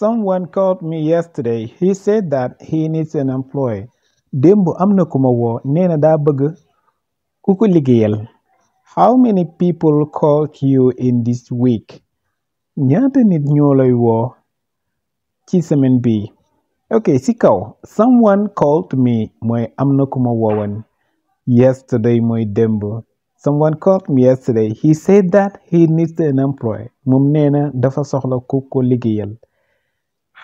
Someone called me yesterday. He said that he needs an employee. Démb am na ku ma woo nee daa bëgg ku ko liggéeyal. How many people called you in this week? ñaata nit ñoo lay woo ci semaine bi. ok si kaw someone called me mooy am na ku ma woowoon. yesterday mooy démb. someone called me yesterday he said that he needs an employee. moom nee dafa soxla ku ko liggéeyal.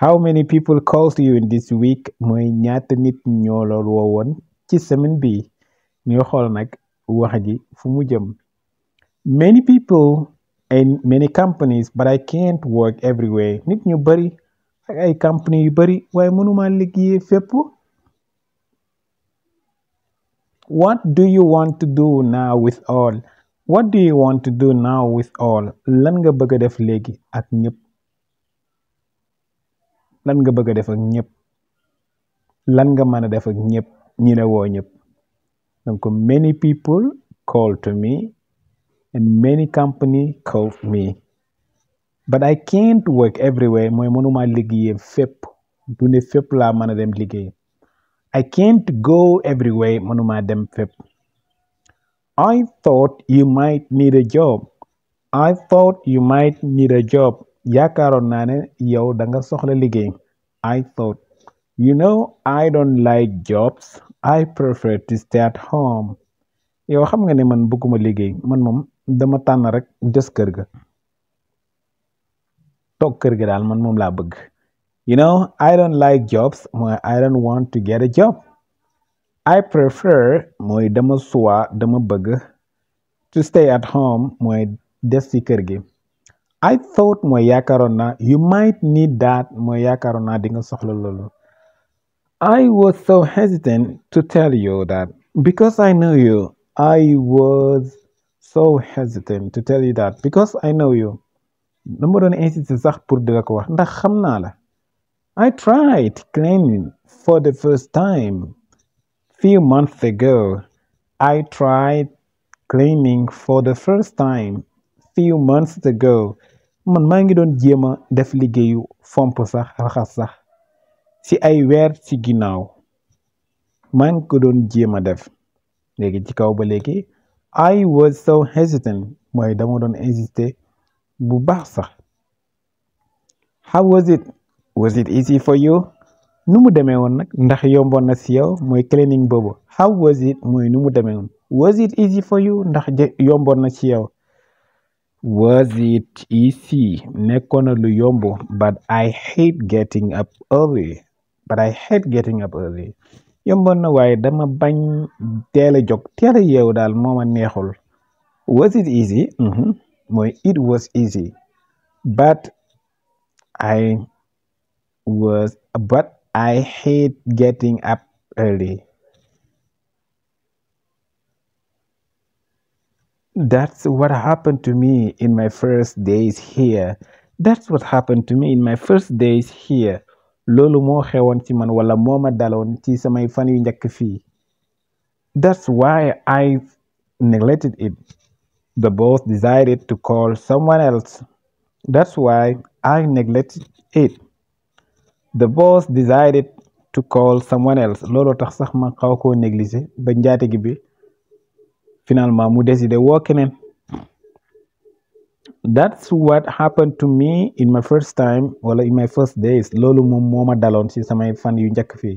how many people called you in this week mooy ñaata nit ñoo woo woowoon ci semaine bi ñu xool nag wax ji fu mu jëm many people and many companies but I can't work everywhere nit ñu bari ay company yu bari waaye mënuma liggéey fépp what do you want to do now with all what do you want to do now with all lan nga bëgg a def léegi ak ñépp lan nga bëgg a def ak ñëpp lan nga mën a def ak ñëpp ñi woo ñëpp donc many people call to me and many company call me but I can't work everywhere mooy mënuma liggéey fépp du ne fépp laa mën a dem liggéey I can't go everywhere mënuma dem fépp I thought you might need a job I thought you might need a job yaakaaroon naa ne yow danga soxla liggéey I thought you know I don't like jobs I prefer to stay at home yow xam nga ne man bëgguma liggéey man moom dama tànn rek des kër ga toog kër ga daal man moom laa bëgg you know I don't like jobs mooy I don't want to get a job I prefer mooy dama suwa dama bëgg to stay at home mooy des ci kër gi I thought mooy yaakaaroon naa you might need that mooy yaakaaroon naa di nga soxla loolu. I was so hesitant to tell you that because I know you. I was so hesitant to tell you that because I know you. dama doon insister sax pour di la ko wax ndax xam naa la. I tried claiming for the first time few months ago. I tried claiming for the first time few months ago. man maa ngi doon jéem a def liggéeyu fomp sax raxas sax ci ay weer ci ginnaaw maa ngi ko doon jéem a def léegi ci kaw ba léegi I was so hesitant mooy dama doon insister bu baax sax how was it was it easy for you nu mu demee woon nag ndax yomboon na ci yow mooy cleaning boobu how was it mooy nu mu demee woon was it easy for you ndax yomboon na ci yow Was it easy? Nekkoon na lu yomb but I hate getting up early but I hate getting up early yomboon na waaye dama bañ teel a jóg teel daal moo ma neexul. Was it easy? Mm-hmm. mooy it was easy but I was but I hate getting up early. That's what happened to me in my first days here. loolu moo xewoon ci man wala moo ma daloon ci samay fan yu njëkk fii. That's why I neglected it. The boss decided to call someone else. That's why I neglected it. The boss decided tax sax ma xaw koo négliger ba njaate gi bi. finalement mu décidé woo keneen that's what happened to me in my first time wala in my first days loolu moom moo daloon ci samay fan yu njëkk fii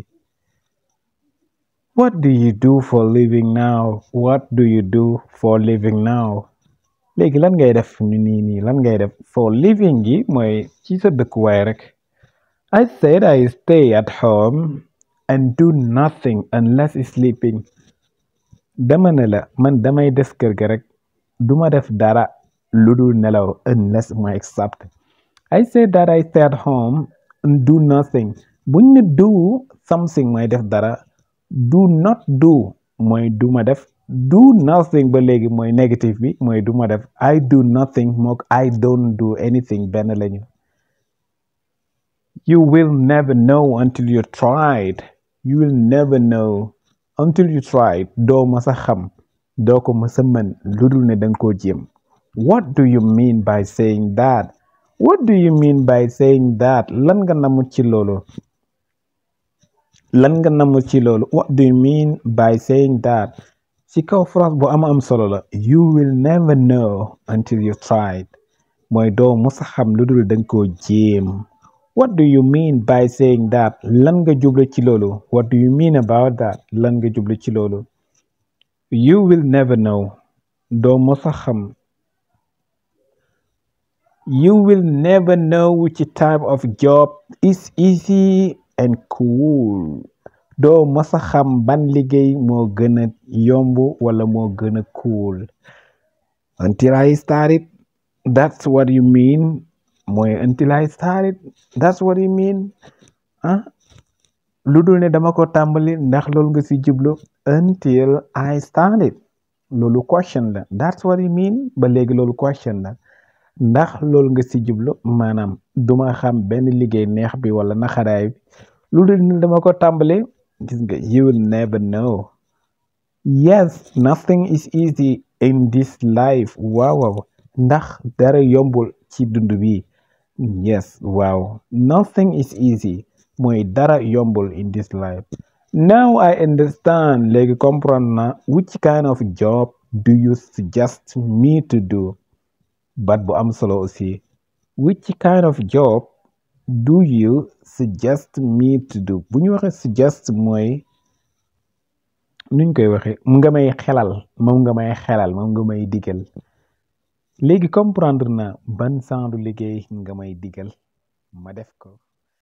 what do you do for living now what do you do for living now léegi lan ngay def ni lan ngay def for living mooy ci sa dëkkuwaay rek I said I stay at home and do nothing unless sleeping dama ne la man damay des kër ga rek du def dara lu dul nelaw unless my except I say that I stay at home and nothing buñ ne do something mooy def dara do not do mooy du ma def do nothing ba léegi mooy négatif bi mooy du ma def I do nothing mook I don't do anything benn lañu you will never know until you tried you will never know until you try doo ma sa xam doo ko ma sa mën lu ne dang koo jéem what do you mean by saying that what do you lan nga namu ci loolu lan nga namu ci loolu what do you mean by saying that ci kaw phrase bu ama am solo la you will never know until you try mooy doo musa xam lu dul danga koo jéem what do you mean by saying that lan nga jublu ci loolu what do you mean about that lan nga jublu ci loolu you will never know doo mos xam you will never know which type of job is easy and cool doo mos xam ban liggéey moo gën yomb wala moo gën a cool until I start it that's what you mean mooy until I started that's what you mean ah dul ne dama ko tàmbali ndax loolu nga si jublu until I started loolu question la that's what you mean ba léegi loolu question la ndax loolu nga si jublu maanaam duma xam benn liggéey neex bi wala naxaraay bi lu dul ne dama ko tàmbali gis nga you will never know yes nothing is easy in this life waaw waaw dara yombul ci dund bi Yes, waaw Nothing is easy. mooy dara yombul in this life. Now I understand léegi comprendre na which kind of job do you suggest me to do? Baat bu am solo aussi. Which kind of job do you suggest me to do? bu ñu waxee suggest mooy nuñ koy waxee mu nga may xelal moom nga may xelal moom nga may digal. léegi comprendre na ban genre liggéey nga may digal ma def ko